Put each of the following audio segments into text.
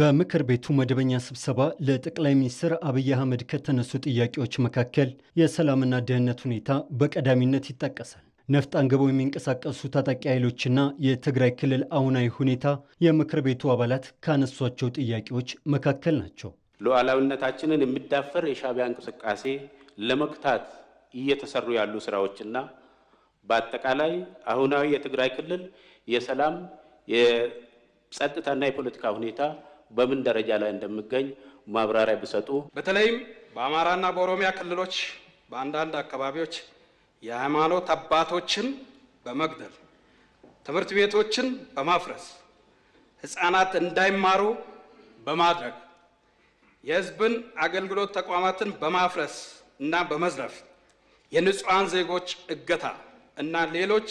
በምክር ቤቱ መደበኛ ስብሰባ ለጠቅላይ ሚኒስትር አብይ አህመድ ከተነሱ ጥያቄዎች መካከል የሰላምና ደህንነት ሁኔታ በቀዳሚነት ይጠቀሳል። ነፍጥ አንግበው የሚንቀሳቀሱ ታጣቂ ኃይሎችና የትግራይ ክልል አሁናዊ ሁኔታ የምክር ቤቱ አባላት ካነሷቸው ጥያቄዎች መካከል ናቸው። ሉዓላዊነታችንን የሚዳፈር የሻቢያ እንቅስቃሴ ለመክታት እየተሰሩ ያሉ ስራዎችና በአጠቃላይ አሁናዊ የትግራይ ክልል የሰላም የጸጥታና የፖለቲካ ሁኔታ በምን ደረጃ ላይ እንደሚገኝ ማብራሪያ ቢሰጡ። በተለይም በአማራና በኦሮሚያ ክልሎች በአንዳንድ አካባቢዎች የሃይማኖት አባቶችን በመግደል ትምህርት ቤቶችን በማፍረስ ህጻናት እንዳይማሩ በማድረግ የህዝብን አገልግሎት ተቋማትን በማፍረስ እና በመዝረፍ የንጹሐን ዜጎች እገታ እና ሌሎች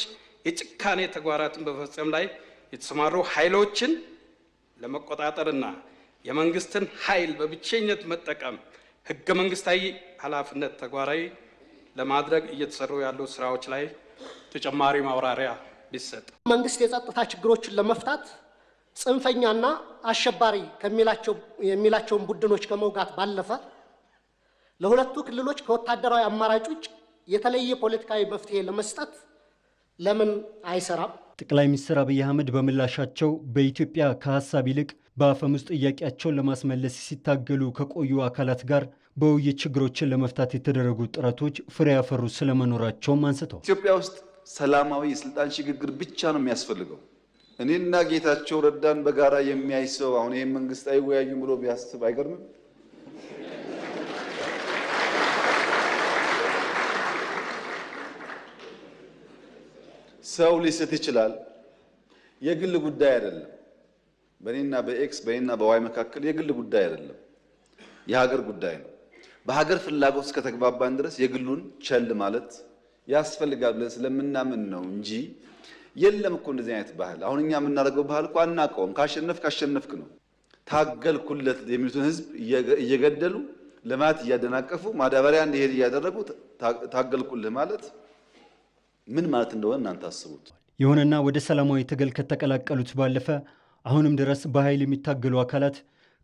የጭካኔ ተግባራትን በመፈጸም ላይ የተሰማሩ ኃይሎችን ለመቆጣጠርና የመንግስትን ኃይል በብቸኝነት መጠቀም ህገ መንግስታዊ ኃላፊነት ተግባራዊ ለማድረግ እየተሰሩ ያሉ ስራዎች ላይ ተጨማሪ ማብራሪያ ቢሰጥ። መንግስት የጸጥታ ችግሮችን ለመፍታት ጽንፈኛና አሸባሪ የሚላቸውን ቡድኖች ከመውጋት ባለፈ ለሁለቱ ክልሎች ከወታደራዊ አማራጭ ውጭ የተለየ ፖለቲካዊ መፍትሄ ለመስጠት ለምን አይሰራም? ጠቅላይ ሚኒስትር አብይ አህመድ በምላሻቸው በኢትዮጵያ ከሀሳብ ይልቅ በአፈሙዝ ጥያቄያቸውን ለማስመለስ ሲታገሉ ከቆዩ አካላት ጋር በውይይት ችግሮችን ለመፍታት የተደረጉ ጥረቶች ፍሬ ያፈሩ ስለመኖራቸውም አንስተዋል። ኢትዮጵያ ውስጥ ሰላማዊ የስልጣን ሽግግር ብቻ ነው የሚያስፈልገው። እኔና ጌታቸው ረዳን በጋራ የሚያይ ሰው አሁን ይህም መንግስት አይወያዩም ብሎ ቢያስብ አይገርምም። ሰው ሊስት ይችላል። የግል ጉዳይ አይደለም። በእኔና በኤክስ በእኔና በዋይ መካከል የግል ጉዳይ አይደለም፣ የሀገር ጉዳይ ነው። በሀገር ፍላጎት እስከተግባባን ድረስ የግሉን ቸል ማለት ያስፈልጋል ብለን ስለምናምን ነው እንጂ የለም እኮ እንደዚህ አይነት ባህል። አሁን እኛ የምናደርገው ባህል እኮ አናውቀውም። ካሸነፍክ አሸነፍክ ነው። ታገልኩለት የሚሉትን ህዝብ እየገደሉ ልማት እያደናቀፉ ማዳበሪያ እንዲሄድ እያደረጉ ታገልኩልህ ማለት ምን ማለት እንደሆነ እናንተ አስቡት። ይሁንና ወደ ሰላማዊ ትግል ከተቀላቀሉት ባለፈ አሁንም ድረስ በኃይል የሚታገሉ አካላት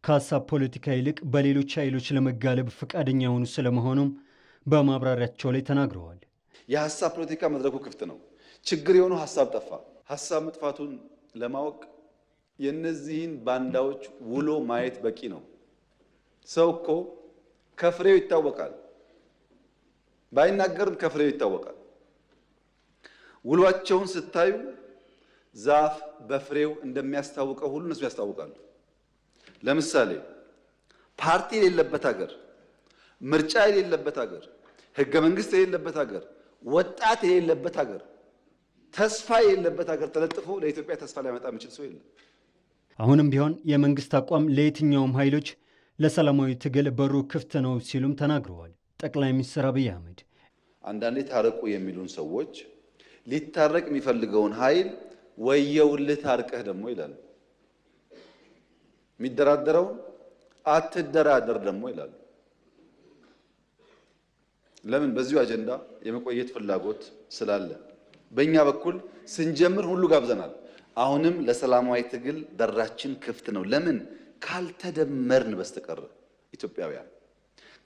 ከሀሳብ ፖለቲካ ይልቅ በሌሎች ኃይሎች ለመጋለብ ፈቃደኛ የሆኑ ስለመሆኑም በማብራሪያቸው ላይ ተናግረዋል። የሀሳብ ፖለቲካ መድረኩ ክፍት ነው። ችግር የሆኑ ሀሳብ ጠፋ። ሀሳብ መጥፋቱን ለማወቅ የእነዚህን ባንዳዎች ውሎ ማየት በቂ ነው። ሰው እኮ ከፍሬው ይታወቃል፣ ባይናገርም ከፍሬው ይታወቃል። ውሏቸውን ስታዩ ዛፍ በፍሬው እንደሚያስታውቀው ሁሉ እነሱ ያስታውቃሉ። ለምሳሌ ፓርቲ የሌለበት ሀገር፣ ምርጫ የሌለበት ሀገር፣ ህገ መንግስት የሌለበት ሀገር፣ ወጣት የሌለበት ሀገር፣ ተስፋ የሌለበት ሀገር ተለጥፎ ለኢትዮጵያ ተስፋ ሊያመጣ የሚችል ሰው የለም። አሁንም ቢሆን የመንግስት አቋም ለየትኛውም ኃይሎች ለሰላማዊ ትግል በሩ ክፍት ነው ሲሉም ተናግረዋል ጠቅላይ ሚኒስትር አብይ አህመድ። አንዳንዴ ታረቁ የሚሉን ሰዎች ሊታረቅ የሚፈልገውን ኃይል ወየውልህ ታርቀህ ደግሞ ይላሉ። የሚደራደረውን አትደራደር ደግሞ ይላሉ። ለምን? በዚሁ አጀንዳ የመቆየት ፍላጎት ስላለ በእኛ በኩል ስንጀምር ሁሉ ጋብዘናል። አሁንም ለሰላማዊ ትግል በራችን ክፍት ነው። ለምን? ካልተደመርን በስተቀር ኢትዮጵያውያን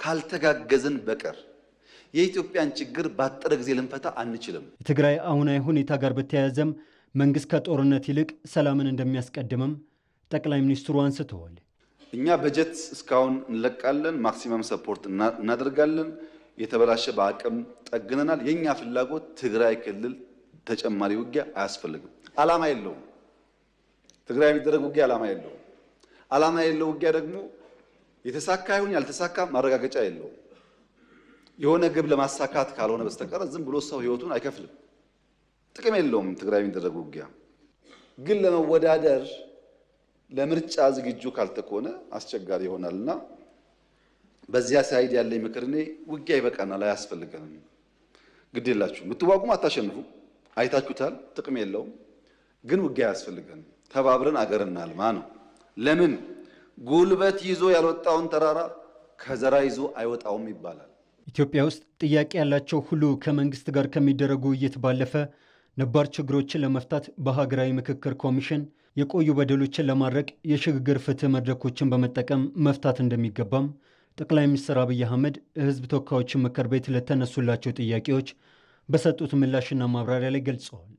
ካልተጋገዝን በቀር የኢትዮጵያን ችግር ባጠረ ጊዜ ልንፈታ አንችልም። የትግራይ አሁናዊ ሁኔታ ጋር በተያያዘም መንግስት ከጦርነት ይልቅ ሰላምን እንደሚያስቀድምም ጠቅላይ ሚኒስትሩ አንስተዋል። እኛ በጀት እስካሁን እንለቃለን፣ ማክሲመም ሰፖርት እናደርጋለን። የተበላሸ በአቅም ጠግነናል። የእኛ ፍላጎት ትግራይ ክልል ተጨማሪ ውጊያ አያስፈልግም። አላማ የለውም። ትግራይ የሚደረግ ውጊያ አላማ የለውም። አላማ የለው ውጊያ ደግሞ የተሳካ ይሁን ያልተሳካ ማረጋገጫ የለውም። የሆነ ግብ ለማሳካት ካልሆነ በስተቀር ዝም ብሎ ሰው ህይወቱን አይከፍልም። ጥቅም የለውም። ትግራይ የሚደረግ ውጊያ ግን ለመወዳደር ለምርጫ ዝግጁ ካልተኮነ አስቸጋሪ ይሆናልና በዚያ ሳይድ ያለኝ ምክር እኔ ውጊያ ይበቃናል፣ አያስፈልገንም። ግድ የላችሁ ብትዋጉም አታሸንፉ፣ አይታችሁታል፣ ጥቅም የለውም። ግን ውጊያ አያስፈልገንም፣ ተባብረን አገር እናልማ ነው። ለምን ጉልበት ይዞ ያልወጣውን ተራራ ከዘራ ይዞ አይወጣውም ይባላል። ኢትዮጵያ ውስጥ ጥያቄ ያላቸው ሁሉ ከመንግስት ጋር ከሚደረጉ ውይይት ባለፈ ነባር ችግሮችን ለመፍታት በሀገራዊ ምክክር ኮሚሽን የቆዩ በደሎችን ለማድረቅ የሽግግር ፍትህ መድረኮችን በመጠቀም መፍታት እንደሚገባም ጠቅላይ ሚኒስትር አብይ አህመድ የህዝብ ተወካዮችን ምክር ቤት ለተነሱላቸው ጥያቄዎች በሰጡት ምላሽና ማብራሪያ ላይ ገልጸዋል።